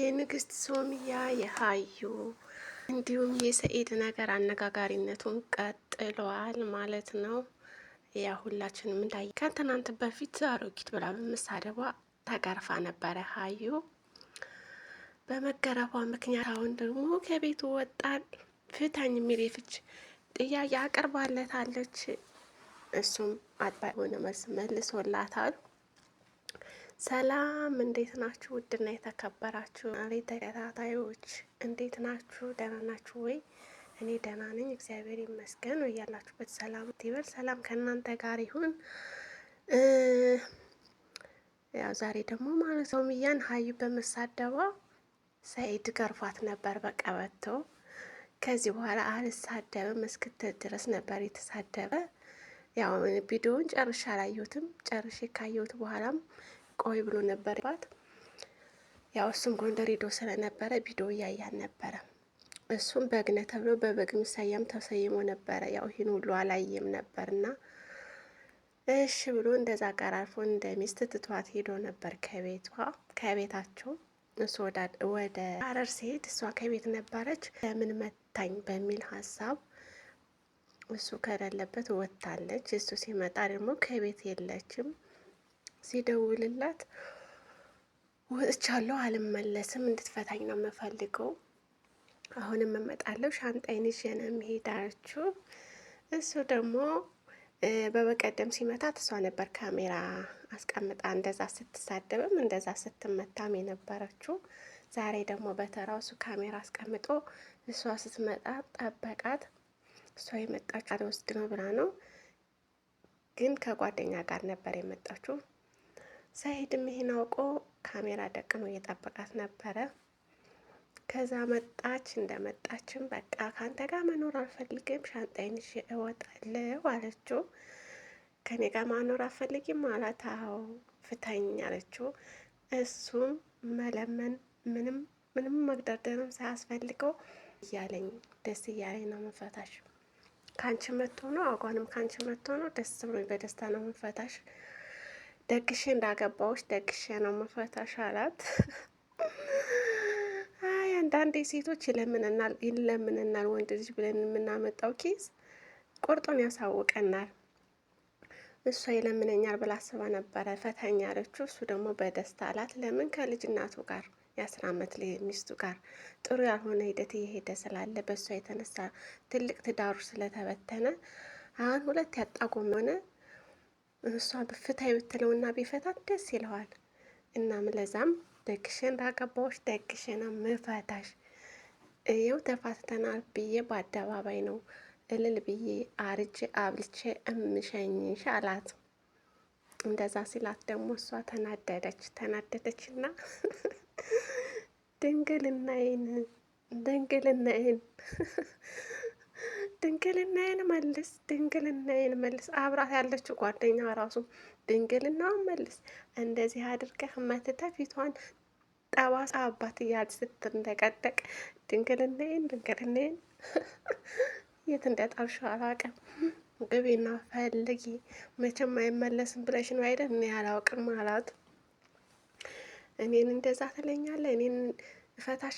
የንግስት ሶሚያ የሀዩ እንዲሁም የሰኢድ ነገር አነጋጋሪነቱን ቀጥሏል ማለት ነው። ያ ሁላችንም እንዳየ ከትናንት በፊት አሮጊት ብላ በመሳደቧ ተገርፋ ነበረ ሀዩ። በመገረፏ ምክንያት አሁን ደግሞ ከቤቱ ወጣን ፍታኝ የሚል የፍች ጥያቄ አቅርባለታለች። እሱም አጥባይ ሆነ መልስ መልሶላታል። ሰላም እንዴት ናችሁ? ውድና የተከበራችሁ አቤት ተከታታዮች እንዴት ናችሁ? ደህና ናችሁ ወይ? እኔ ደህና ነኝ፣ እግዚአብሔር ይመስገን። እያላችሁበት ሰላም ይበል። ሰላም ከእናንተ ጋር ይሁን። ያው ዛሬ ደግሞ ማለት ነው ሱመያን ሀዩ በመሳደቧ ሰኢድ ገርፏት ነበር በቀበቶ። ከዚህ በኋላ አልሳደበ እስክትል ድረስ ነበር የተሳደበ። ያው ቪዲዮውን ጨርሼ አላየሁትም። ጨርሼ ካየሁት በኋላም ቆይ ብሎ ነበር ባት ያው እሱም ጎንደር ሄዶ ስለነበረ ቪዲዮ እያያን ነበረ። እሱም በግነ ተብሎ በበግ ምሳያም ተሰይሞ ነበረ። ያው ይህን ሁሉ አላየም ነበርና እሺ ብሎ እንደዛ ቀራርፎ እንደ ሚስት ትቷት ሄዶ ነበር ከቤቷ ከቤታቸው እሱ ወደ ሀረር ሲሄድ እሷ ከቤት ነበረች። ለምን መታኝ በሚል ሀሳብ እሱ ከሌለበት ወጥታለች። እሱ ሲመጣ ደግሞ ከቤት የለችም። ሲደውልላት ወጥቻለሁ፣ አልመለስም፣ እንድትፈታኝ ነው የምፈልገው፣ አሁንም እመጣለሁ፣ ሻንጣዬን ይዤ ነው የምሄዳችሁ። እሱ ደግሞ በበቀደም ሲመታት እሷ ነበር ካሜራ አስቀምጣ እንደዛ ስትሳደብም እንደዛ ስትመታም የነበረችው። ዛሬ ደግሞ በተራው እሱ ካሜራ አስቀምጦ እሷ ስትመጣ ጠበቃት። እሷ የመጣች ወስድ ነው ብላ ነው፣ ግን ከጓደኛ ጋር ነበር የመጣችው። ሰኢድም ይሄን አውቆ ካሜራ ደቅኖ እየጠበቃት ነበረ። ከዛ መጣች። እንደመጣችም በቃ ከአንተ ጋር መኖር አልፈልግም፣ ሻንጣዬን ይዤ እወጣለሁ አለችው። ከኔ ጋር ማኖር አልፈልግም አላት። አዎ ፍታኝ አለችው። እሱም መለመን ምንም ምንም መግደርደርም ሳያስፈልገው እያለኝ ደስ እያለኝ ነው ምንፈታሽ፣ ከአንቺ መጥቶ ነው አጓንም ከአንቺ መጥቶ ነው ደስ ብሎኝ በደስታ ነው ምንፈታሽ ደግሼ እንዳገባዎች ደግሼ ነው መፈታሽ አላት። አይ አንዳንዴ ሴቶች ይለምንናል ይለምንናል ወንድ ልጅ ብለን የምናመጣው ኬዝ ቁርጡን ያሳውቀናል። እሷ ይለምነኛል ብላ አስባ ነበረ ፈታኝ ያለችው። እሱ ደግሞ በደስታ አላት። ለምን ከልጅ እናቱ ጋር የአስራ አመት ሚስቱ ጋር ጥሩ ያልሆነ ሂደት እየሄደ ስላለ በእሷ የተነሳ ትልቅ ትዳሩ ስለተበተነ አሁን ሁለት ያጣ እሷ ብፍታ የምትለውና ቢፈታት ደስ ይለዋል። እናም ለዛም ደግሽን ላገባዎች ደግሽን ምፈታሽ እየው ተፋትተናል ብዬ በአደባባይ ነው እልል ብዬ አርጄ አብልቼ እምሸኝሽ አላት። እንደዛ ሲላት ደግሞ እሷ ተናደደች። ተናደደችና ድንግልናይን ድንግልናይን ድንግልናዬን መልስ፣ ድንግልናዬን መልስ። አብራት ያለችው ጓደኛ ራሱ ድንግልናውን መልስ። እንደዚህ አድርገህ መትተ ፊቷን ጠባሳ አባት እያል ስትንደቀደቅ ድንግልናዬን ድንግልናዬን የት እንደጣብሽ አላውቅም። ግቢና ፈልጊ መቼም አይመለስም ብለሽ ነው አይደል? እኔ አላውቅም አላት። እኔን እንደዛ ትለኛለህ እኔን ፈታሽ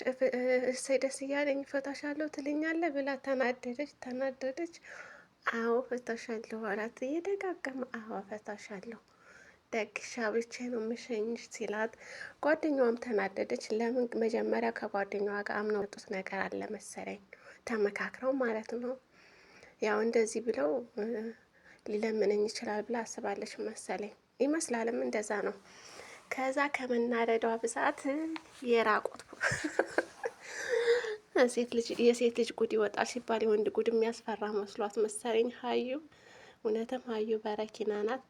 እሰይ ደስ እያለኝ ፈታሽ አለው ትልኛለ ብላ ተናደደች። ተናደደች አዎ ፈታሽ አለው አላት። እየደጋገመ አዎ ፈታሽ አለው ደግሻ ብቻ ነው የምሸኝሽ ሲላት ጓደኛዋም ተናደደች። ለምን መጀመሪያ ከጓደኛዋ ጋር አምነው ወጡት ነገር አለ መሰለኝ ተመካክረው ማለት ነው። ያው እንደዚህ ብለው ሊለምነኝ ይችላል ብላ አስባለች መሰለኝ ይመስላልም እንደዛ ነው። ከዛ ከመናደዷ ብዛት ልጅ የሴት ልጅ ጉድ ይወጣል ሲባል የወንድ ጉድ የሚያስፈራ መስሏት መሰለኝ። ሀዩ እውነትም ሀዩ በረኪና ናት።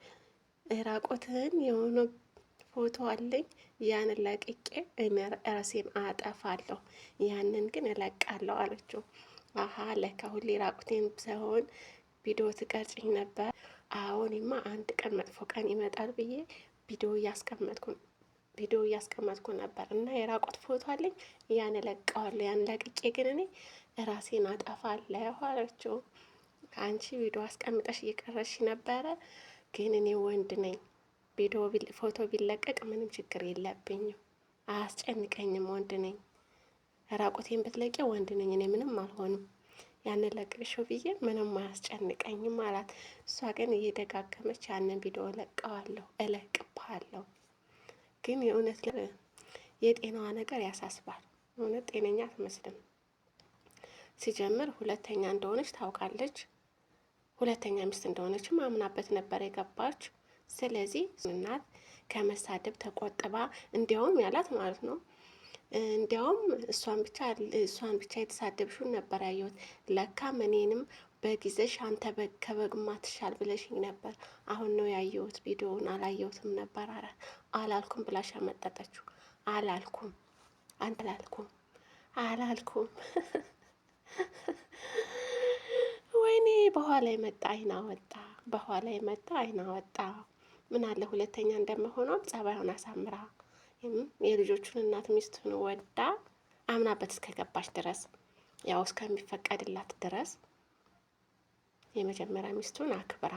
ራቁትን የሆነ ፎቶ አለኝ። ያን ለቅቄ ራሴን አጠፋለሁ፣ ያንን ግን እለቃለሁ አለችው። አሀ ለካ ሁሌ ራቁቴን ሳይሆን ቪዲዮ ትቀርጭኝ ነበር። አሁንማ አንድ ቀን መጥፎ ቀን ይመጣል ብዬ ቪዲዮ እያስቀመጥኩ ቪዲዮ እያስቀመጥኩ ነበር እና የራቆት ፎቶ አለኝ። ያን እለቀዋለሁ። ያን ለቅቄ ግን እኔ ራሴን አጠፋለሁ አለችው። አንቺ ቪዲዮ አስቀምጠሽ እየቀረሽ ነበረ፣ ግን እኔ ወንድ ነኝ። ቪዲዮ ፎቶ ቢለቀቅ ምንም ችግር የለብኝም፣ አያስጨንቀኝም። ወንድ ነኝ። ራቆቴን ብትለቂ ወንድ ነኝ። እኔ ምንም አልሆንም። ያንን ለቅሾ ብዬ ምንም አያስጨንቀኝም አላት። እሷ ግን እየደጋገመች ያንን ቪዲዮ እለቀዋለሁ እለቅብሃለሁ። ግን የእውነት የጤናዋ ነገር ያሳስባል። እውነት ጤነኛ አትመስልም። ሲጀምር ሁለተኛ እንደሆነች ታውቃለች። ሁለተኛ ሚስት እንደሆነችም አምናበት ነበር የገባች። ስለዚህ እናት ከመሳደብ ተቆጥባ እንዲያውም ያላት ማለት ነው እንዲያውም እሷን ብቻ እሷን ብቻ የተሳደብሽውን ነበር ያየሁት። ለካም እኔንም በጊዜሽ አንተ በግ ከበግ ማትሻል ብለሽኝ ነበር። አሁን ነው ያየሁት። ቪዲዮውን አላየሁትም ነበር። አረ አላልኩም ብላሽ አመጠጠችው። አላልኩም አንተ አላልኩም አላልኩም። ወይኔ በኋላ የመጣ አይና ወጣ፣ በኋላ የመጣ አይና ወጣ። ምን አለ ሁለተኛ እንደመሆኗም ጸባዩን አሳምራ የልጆቹን እናት ሚስቱን ወዳ አምናበት እስከገባች ድረስ ያው እስከሚፈቀድላት ድረስ የመጀመሪያ ሚስቱን አክብራ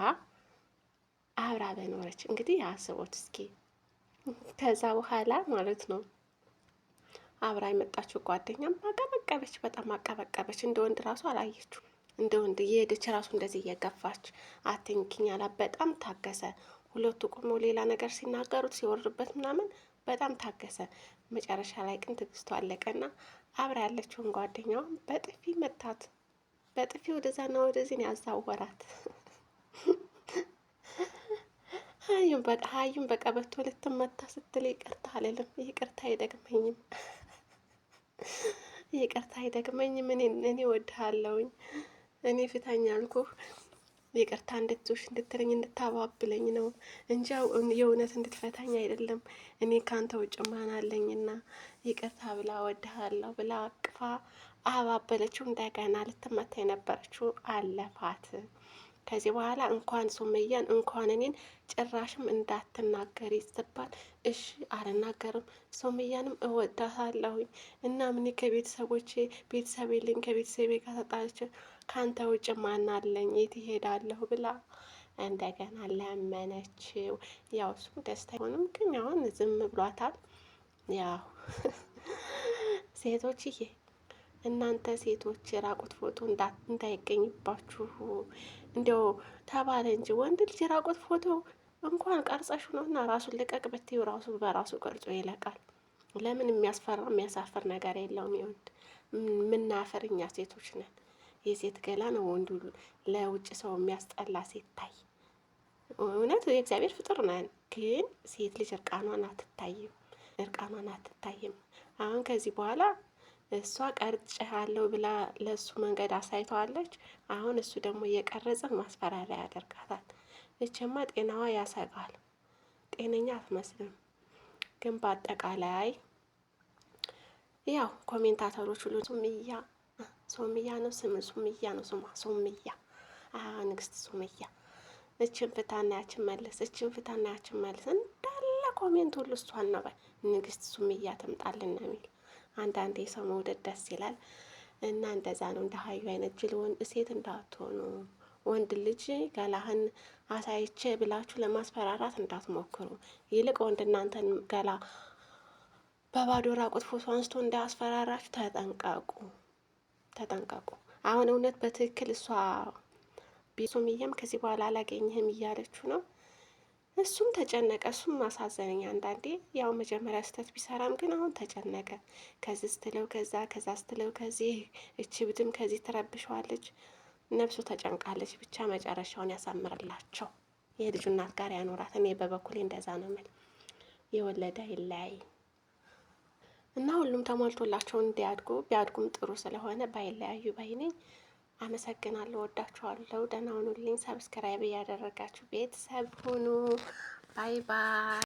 አብራ በኖረች። እንግዲህ አስቦት እስኪ ከዛ በኋላ ማለት ነው አብራ የመጣችው ጓደኛም አቀበቀበች፣ በጣም አቀበቀበች። እንደ ወንድ ራሱ አላየችው፣ እንደ ወንድ የሄደች ራሱ እንደዚህ እየገፋች አትንኪኝ አላት። በጣም ታገሰ። ሁለቱ ቆመው ሌላ ነገር ሲናገሩት ሲወርድበት ምናምን በጣም ታገሰ። መጨረሻ ላይ ግን ትግስቱ አለቀና አብራ ያለችውን ጓደኛዋን በጥፊ መታት። በጥፊ ወደዛና ወደዚህን ያዛወራት። ሀዩም በቀበቶ ልትመታ ስትል ይቅርታ አልልም፣ ይቅርታ አይደግመኝም፣ ይቅርታ አይደግመኝም፣ እኔ ወድሃለውኝ እኔ ፊታኛ አልኩህ ይቅርታ እንድትዞሽ እንድትለኝ እንድታባብለኝ ነው እንጂ የእውነት እንድትፈታኝ አይደለም። እኔ ካንተ ውጭ ማን አለኝና ይቅርታ ብላ ወድሃለሁ ብላ አቅፋ አባበለችው። እንደገና ልትመታ የነበረችው አለፋት። ከዚህ በኋላ እንኳን ሱመያን እንኳን እኔን ጭራሽም እንዳትናገሪ ስትባል እሺ አልናገርም፣ ሱመያንም እወዳታለሁኝ እና ምን ከቤተሰቦቼ ቤተሰቤ ልኝ ከቤተሰቤ ጋር ተጣልቼ ካንተ ውጭ ማን አለኝ? የት ይሄዳለሁ? ብላ እንደገና ለመነችው። ያው እሱ ደስታ አይሆንም ግን አሁን ዝም ብሏታል። ያው ሴቶችዬ እናንተ ሴቶች የራቁት ፎቶ እንዳይገኝባችሁ እንዲያው ተባለ እንጂ ወንድ ልጅ የራቁት ፎቶ እንኳን ቀርጸሽ እና ራሱን ልቀቅ ብትይው ራሱ በራሱ ቀርጾ ይለቃል። ለምን የሚያስፈራ የሚያሳፍር ነገር የለውም። ይሁን ምናፈር እኛ ሴቶች ነን። የሴት ገላ ነው ወንዱ ለውጭ ሰው የሚያስጠላ ታይ። እውነት የእግዚአብሔር ፍጡር ነን፣ ግን ሴት ልጅ እርቃኗን አትታይም፣ እርቃኗን አትታይም። አሁን ከዚህ በኋላ እሷ ቀርጬሃለሁ ብላ ለእሱ መንገድ አሳይተዋለች። አሁን እሱ ደግሞ እየቀረጸ ማስፈራሪያ ያደርጋታል። እችማ ጤናዋ ያሰጋል፣ ጤነኛ አትመስልም። ግን በአጠቃላይ ያው ኮሜንታተሮች ሁሉም እያ ሶምያ ነው ስም ሶምያ ነው ስሟ ሱምያ ንግስት ሶምያ እችን ፍታና ያችን መልስ፣ እችን ፍታና ያችን መልስ እንዳለ ኮሜንት ሁሉ እሷን ነው። ንግስት ሱምያ ትምጣልን ነው የሚል አንዳንዴ የሰው መውደድ ደስ ይላል። እና እንደዛ ነው። እንደ ሀዩ አይነት ጅል ወንድ ሴት እንዳትሆኑ ወንድ ልጅ ገላህን አሳይቼ ብላችሁ ለማስፈራራት እንዳትሞክሩ። ይልቅ ወንድ እናንተን ገላ በባዶ ራቁት ፎቶ አንስቶ እንዳያስፈራራችሁ ተጠንቀቁ። ተጠንቀቁ። አሁን እውነት በትክክል እሷ ሱምያም ከዚህ በኋላ አላገኝህም እያለችው ነው። እሱም ተጨነቀ። እሱም አሳዘነኝ አንዳንዴ። ያው መጀመሪያ ስህተት ቢሰራም ግን አሁን ተጨነቀ። ከዚህ ስትለው ከዛ፣ ከዛ ስትለው ከዚህ፣ እች ብድም ከዚህ ትረብሸዋለች። ነፍሱ ተጨንቃለች። ብቻ መጨረሻውን ያሳምርላቸው። የልጁ እናት ጋር ያኖራት። እኔ በበኩሌ እንደዛ ነው የምል። የወለደ ይለያይ እና ሁሉም ተሟልቶላቸው እንዲያድጉ ቢያድጉም ጥሩ ስለሆነ ባይለያዩ ባይነኝ። አመሰግናለሁ፣ ወዳችኋለሁ። ደህና ሁኑልኝ። ሰብስክራይብ እያደረጋችሁ ቤተሰብ ሁኑ። ባይ ባይ።